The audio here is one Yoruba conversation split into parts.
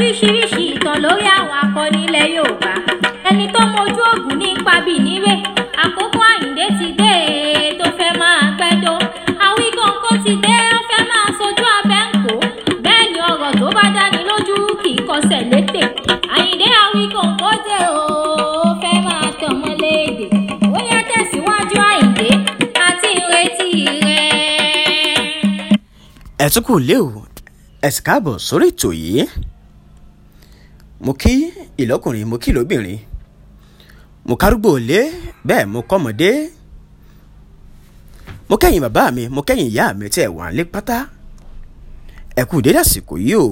oríṣiríṣi ìtàn lórí àwọn akọni ilẹ̀ yorùbá ẹni tó mojú ògùn ní ipa bíi níwèé àkókò àyíndé ti dé tó fẹ́ máa gbẹ́dọ́ àwíkọ́ńkọ́ ti dé ó fẹ́ máa sojú abẹ́ ń kó bẹ́ẹ̀ ni ọ̀rọ̀ tó bá dáni lójú kì í kọsẹ̀ létè àyíndé àwíkọ́ńkọ́ dé o ó fẹ́ máa tọmọ léde ó yá tẹ̀síwájú àyíndé àti ìrètí rẹ̀. ẹ̀ tún kò lé o ẹ̀ káàbọ̀ sórí ètò yìí mo kí ìlọ́kùnrin mo kí lóbìnrin mo kárúgbó lé bẹ́ẹ̀ mo kọ́mọdé mo kẹ́yìn bàbá mi mo kẹ́yìn ìyá mi tẹ́ wà lé pátá ẹ kú dédé àsìkò yìí o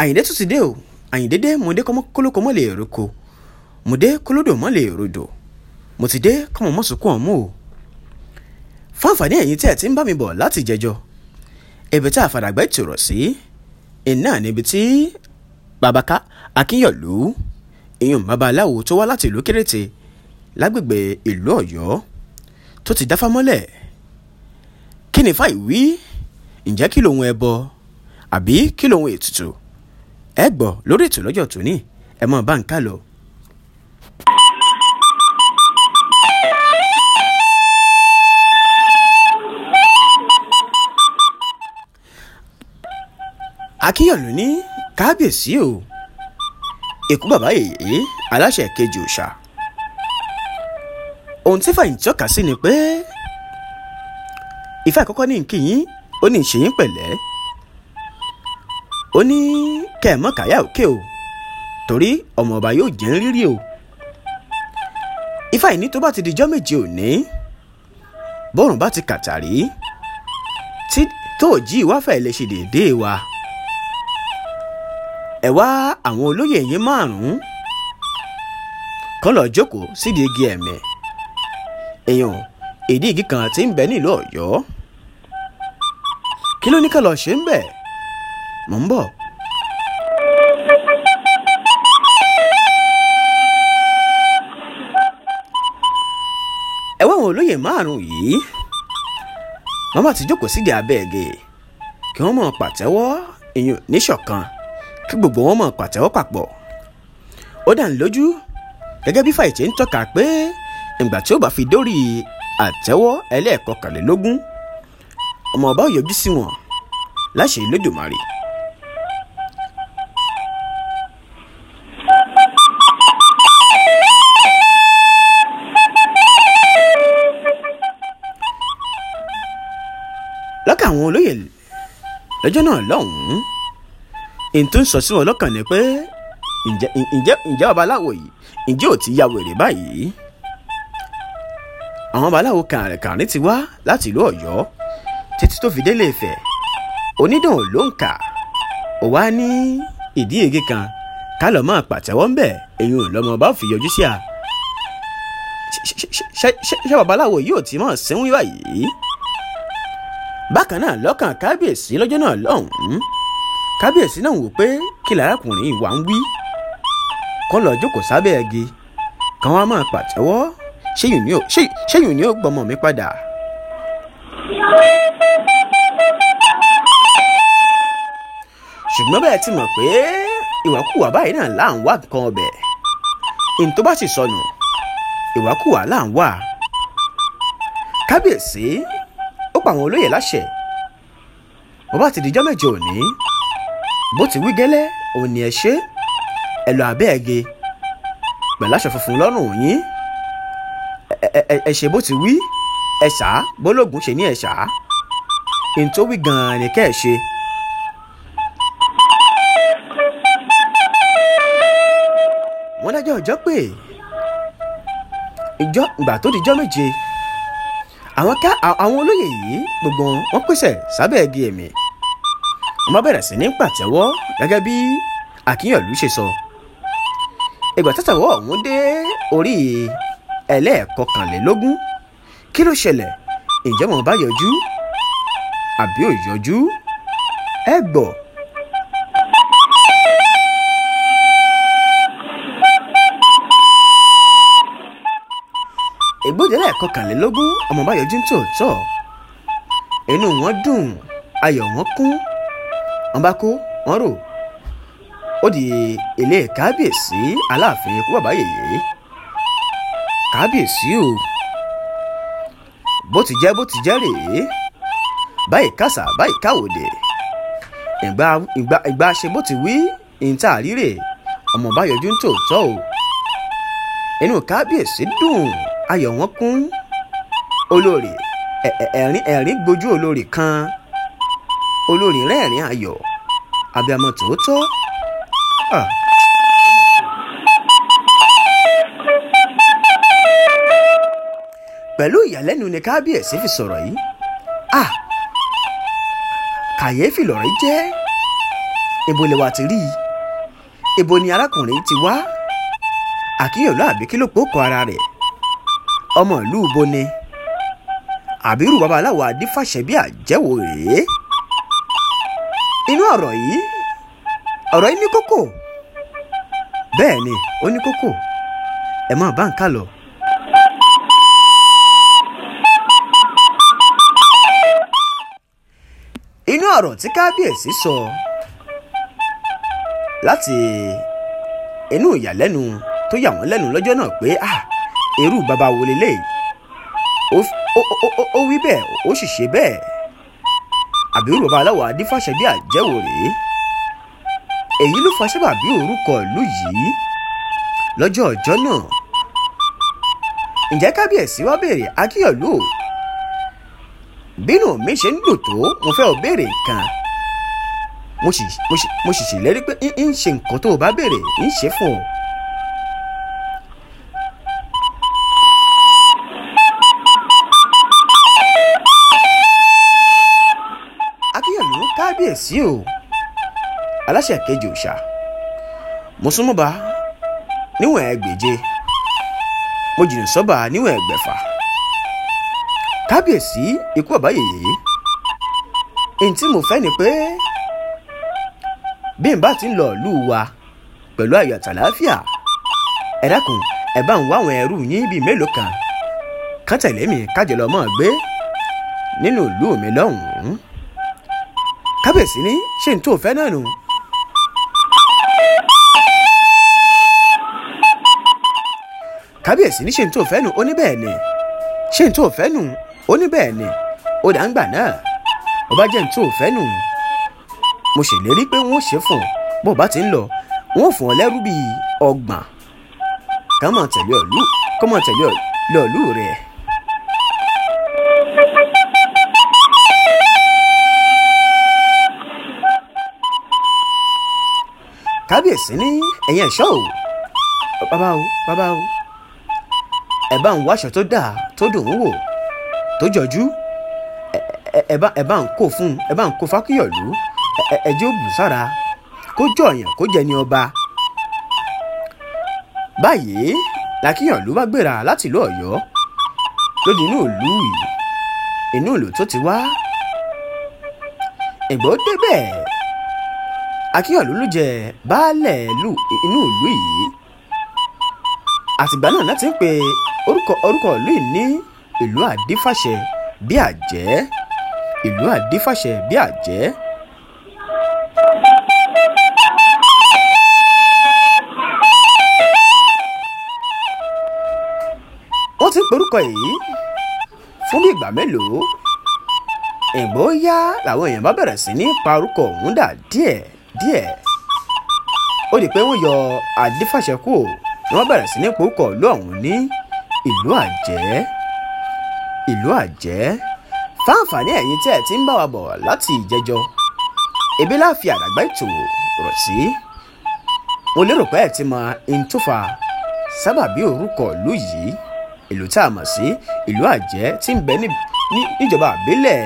àyìndé tún ti dé o àyìndé dé mo dé kólókó mọ́ lè roko mo dé kólódò mọ́ lè rodò mo ti dé kọ́mọ mọ́sùnkún ọ̀mú o fáǹfààní ẹ̀yin tí ẹ ti ń bá mi bọ̀ láti jẹjọ ẹ̀bẹ̀ tá a fàdàgbẹ́ tòrọ̀ sí. Si iná níbi tí babaka akínyọ̀lú ìyún babaláwo tó wá láti ìlú kéréte lágbègbè ìlú ọ̀yọ́ tó ti dáfá mọ́lẹ̀ kí ni fáì wí ǹjẹ́ kí lòun ẹbọ àbí kí lòun ètùtù ẹ gbọ́ lórí ètò lọ́jọ́ tòní ẹ mọ̀ bá ń ká lọ. akínyànlú ní kábíyèsí o èkú bàbá yèyé aláṣẹ kejì òòṣà ohun tí fàyìntì tọ́ka sí ni pé ìfẹ́ àkọ́kọ́ ní nkìyín ó ní ìṣèyín pẹ̀lẹ́ ó ní kẹ́ẹ̀mọ́ káyà òkè o torí ọmọ ọba yóò jẹ́ ń rírì o ifá ìní tó bá ti dijọ́ méje òní bọ́ọ̀rùn bá ti kàtàrí tí tó jí lè ṣe déédéé wa ẹ wá àwọn olóyè yín márùn-ún kan lọ jókòó sídìí igi ẹ̀mẹ̀ èèyàn ìdí igi kan tí ń bẹ nílùú ọ̀yọ́ kí ló ní ká lọ ṣe ń bẹ̀ mò ń bọ̀. ẹ wá àwọn olóyè márùn-ún yìí màmá ti jókòó sídìí abẹ́ẹ̀gẹ̀ kí wọ́n mọ̀ pàtẹ́wọ́ èèyàn níṣọ̀kan kí gbogbo wọn mọ̀ pàtẹ́wọ́ papọ̀ ó dà ní lójú gẹ́gẹ́ bí fàyètè ń tọ́ka pé ìgbà tí ó bá fi dórí àtẹ́wọ́ ẹlẹ́ẹ̀kọkànlélógún ọmọ ọba ò yọjú sí wọn láṣẹ Olódùmarè. lọ́kàn àwọn olóyè lọ́jọ́ náà lọ́hùn-ún n tó ń sọ sí wọn lọ́kàn ni pé ǹjẹ́ ǹjẹ́ ǹjẹ́ bàbá yìí ǹjẹ́ ò ti ya wèrè báyìí. àwọn bàbá aláwo kàrìnkàrìn ti wá láti ìlú ọ̀yọ́ títí tó fi délé Ifẹ̀ onídàn ló ń kà ó wá ní ìdí ege kan ká lọ máa pàtẹ́wọ́ ń bẹ̀ èyí ò lọ́mọ bá fi yọjú sí a. ṣé bàbá aláwo yìí ò ti máa sẹ́wọ́n báyìí. bákan náà lọ́kàn kábíyèsí lọ́jọ́ náà lọ́hùn-ún kábíyèsí náà wò pé kí lárakùnrin ìwà ń wí kọ́ lọ jókòó sábẹ́ ẹ̀gì kan wá máa pàtẹ́wọ́ ṣéyùn ni ó gbọ́mọ mi padà. ṣùgbọ́n bẹ́ẹ̀ ti mọ̀ pé ìwàkuwà báyìí náà là ń wá nǹkan ọbẹ̀ n tó bá sì sọnù ìwàkuwà là ń wà. kábíyèsí ó pa àwọn olóyè láṣẹ bó bá ti dijọ́ méje òní bó ti wí gẹ́lẹ́ òun ni ẹ ṣe ẹ lọ abẹ́ ẹ ge pẹ̀lú aṣọ funfun lọ́rùn yín ẹ ṣe bó ti wí ẹ ṣá bólógùn ṣe ní ẹ ṣá n tó wí gan-an ni kẹ́ ẹ ṣe. wọ́n lẹ́jọ́ ọjọ́ pé ìjọ ìgbà tó dijọ́ méje àwọn ká àwọn olóyè yìí gbogbo wọn pèsè sábẹ́ ẹ̀gì ẹ̀mí ọmọ bẹ̀rẹ̀ sí ní pàtẹ́wọ́ gẹ́gẹ́ bí akínyànlú ṣe sọ ìgbà tàtàwọ́ ọ̀hún dé orí ẹlẹ́ẹ̀kọkànlélógún kí ló ṣẹlẹ̀ ǹjẹ́ wọn bá yọjú àbí ò yọjú ẹ gbọ́. ìgbójúlẹ̀ ẹ̀kọkànlélógún ọmọ bá yọjú tòótọ́ inú wọn dùn ayọ̀ wọn kún wọ́n bá kú wọ́n rò ó di ilé kábíyèsí aláàfin ikú bàbá yèyé kábíyèsí o bó ti jẹ́ bó ti jẹ́ rèé báyìí kásà báyìí káwòdè ìgbà ìgbà ìgbà ṣe bó ti wí ìta àríre ọmọ bá yọjú ń tòótọ́ o inú kábíyèsí dùn ayọ̀ wọn kún olórí ẹ̀rín ẹ̀rín gbojú olórí kan olórin rẹ́ẹ̀rín ayọ̀ abiyamọ tòótọ́ ah. pẹ̀lú ìyàlẹ́nu ni kábíyèsí fi sọ̀rọ̀ yìí ah kàyéfì lọ̀rọ̀ yìí jẹ́ ibo lè wà ti rí i ibo ni arákùnrin ti wá àkíyèlú àbí kí ló pòkọ ara rẹ̀ ọmọ ìlú ibo ni àbírù babaláwo adífàṣẹ́bí àjẹ́wò rèé ọ̀rọ̀ yìí ọ̀rọ̀ yìí ní kókó bẹ́ẹ̀ ni ó ní kókó ẹ̀ máa bá ń kà lọ. inú ọ̀rọ̀ tí kábíyèsí sọ láti inú ìyàlẹ́nu tó yà wọ́n lẹ́nu lọ́jọ́ náà pé ah irú bàbá wo leléyìí ó wí bẹ́ẹ̀ ó sì ṣe bẹ́ẹ̀ àbírú bàbá aláwọ̀ adífàṣẹ́bí àjẹ́wò rèé èyí ló fa sábàbí orúkọ ìlú yìí lọ́jọ́ ọjọ́ náà ǹjẹ́ kábíyèsí wá béèrè akíyọ̀lú o bínú mi ṣe ń dùn tó mo fẹ́ ò béèrè kan mo sì ṣèlérí pé ń ṣe nǹkan tó o bá béèrè ń ṣe fún ọ. kábíyèsí o aláṣẹ kejì òòṣà mo súnmọ́ba níwọ̀n ẹgbèje mo jìnnà sọ́ba níwọ̀n ẹgbẹ̀fà kábíyèsí ikú bàbá yèyé èyí tí mo fẹ́ ni pé bí n bá ti ń lọ ìlú wa pẹ̀lú àyọ̀ àtàláfíà ẹ dákun ẹ bá ń wá àwọn ẹrú yín bíi mélòó kan kán tẹ̀lé mi kájọ lọ́mọ́ gbé nínú ìlú mi lọ́hùn-ún bẹ̀rẹ̀ sí ní ṣe ní tó fẹ́ náà nù. kábíyèsí ní ṣe ní tó fẹ́ nù ó ní bẹ́ẹ̀ ni ṣe ní tó fẹ́ nù ó ni ó dà ń gbà náà ó bá jẹ́ ní tó fẹ́ nù mo ṣèlérí pé wọ́n ṣe fún bó bá ti ń lọ wọ́n fún ọ lẹ́rú bíi ọgbọ̀n kàn tẹ̀lé ọ̀lú kàn tẹ̀lé ọ̀lú rẹ̀. kábíyèsí ní ẹ̀yìn ẹ̀ṣọ́ o bàbá o bàbá o ẹ bá ń wọ aṣọ tó dáa tó dùn ún wò tó jọjú ẹ bá ń kó fún ẹ bá ń kó fákíyọ̀lú ẹ jẹ́ ó bù sára kó jọ̀yàn kó jẹ ní ọba. báyìí làkíyànlú bá gbéra láti ìlú ọ̀yọ́ lóde inú ìlú yìí inú ìlú tó ti wá. ìgbò débẹ̀ akíọ̀lù ló jẹ baálẹ̀ inú ìlú yìí àtìgbà náà láti ń pe orúkọ orúkọ ìlú yìí ní ìlú àdífàṣẹ bí àjẹ́ ìlú àdífàṣẹ bí àjẹ́. wọ́n ti ń porúkọ yìí fún bí ìgbà mélòó ìgbó làwọn èèyàn bá bẹ̀rẹ̀ sí ní pa orúkọ ọ̀hún dà díẹ̀ díẹ̀ ó di pé wọ́n yọ àdífàṣẹ kúò ni wọ́n bẹ̀rẹ̀ sí ní pòókọ̀ ìlú ọ̀hún ní ìlú àjẹ́ ìlú àjẹ́ fáǹfààní ẹ̀yin tẹ́ ẹ̀ ti ń bá wa bọ̀ láti ìjẹjọ ebi láfi àdàgbà ètò rọ̀ sí mo lérò pé ẹ̀ ti mọ in sábàbí orúkọ ìlú yìí ìlú tá a mọ̀ sí ìlú àjẹ́ tí ń bẹ níjọba àbílẹ̀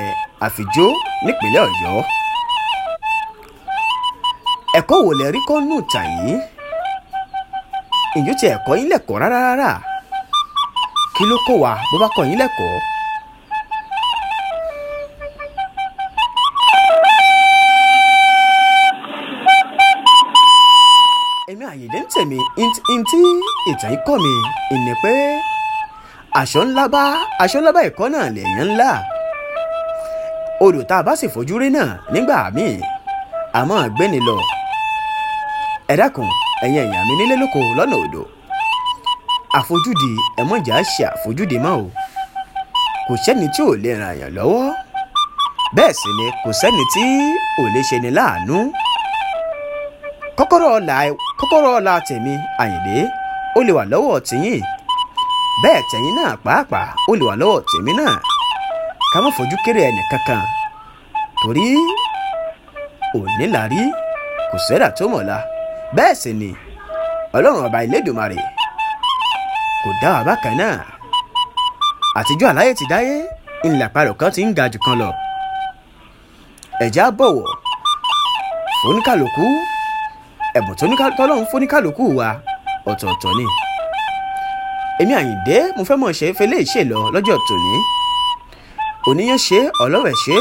àfijó nípínlẹ̀ ọ̀yọ́ ẹ̀kọ́ wò lẹ rí kọ́ nù tàn yín ìjọ ti ẹ̀kọ́ yín lẹ́kọ̀ọ́ rárá rárá kí ló kọ̀ wá bó bá kọ̀ yín lẹ́kọ̀ọ́. èmi àyèdè ń tèmi ntí ìtàn yìí mi ìní pé aṣọ ńlá bá aṣọ ńlá bá ẹ̀kọ́ náà lèèyàn ńlá odò tá a bá sì fojú rí náà nígbà míì àmọ́ àgbẹ́ni lọ ẹ dákun ẹ̀yin èèyàn mi nílé lóko lọ́nà odò àfojúdi ẹ̀mọ́jà ṣe àfojúdi mọ́ o kò sẹ́ni tí ò lè ràn yàn lọ́wọ́ bẹ́ẹ̀ sì ni kò sẹ́ni tí ò lè ṣe ni láàánú kọ́kọ́rọ́ ọ̀la tèmi àyìndé ó lè wà lọ́wọ́ tìyìn bẹ́ẹ̀ tẹ̀yìn náà pàápàá ó lè wà lọ́wọ́ tèmi náà ká má fojú kéré ẹnì kankan torí òní làrí kò sẹ́dà tó mọ̀la bẹ́ẹ̀ sì ni ọlọ́run ọba ìlédùmarè kò dá wa bákan náà àtijọ́ àláyé ti dáyé ńlẹ̀ àparò kan ti ń ga jù kan lọ ẹ̀já bọ̀wọ̀ fóníkàlùkù ẹ̀bùn tọ́lọ́run fóníkàlùkù wa ọ̀tọ̀ọ̀tọ̀ ni èmi àyìndé mo fẹ́ mọ̀ ṣe fẹlẹ́ ìṣe lọ lọ́jọ́ tòní oníyàn ṣe ọlọ́wẹ̀ ṣe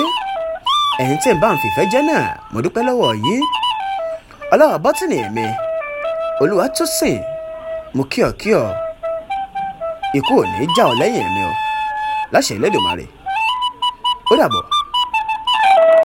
ẹ̀yin tí ń bá ń fìfẹ́ jẹ́ náà mo dúpẹ́ lọ́wọ́ yín ọlọ́run bọ́tìnì mi olúwatúnsìn mo kí ọ kí ọ ikú ò ní í já ọ lẹ́yìn mi o láṣẹ Elédùmarè ó dàbọ̀.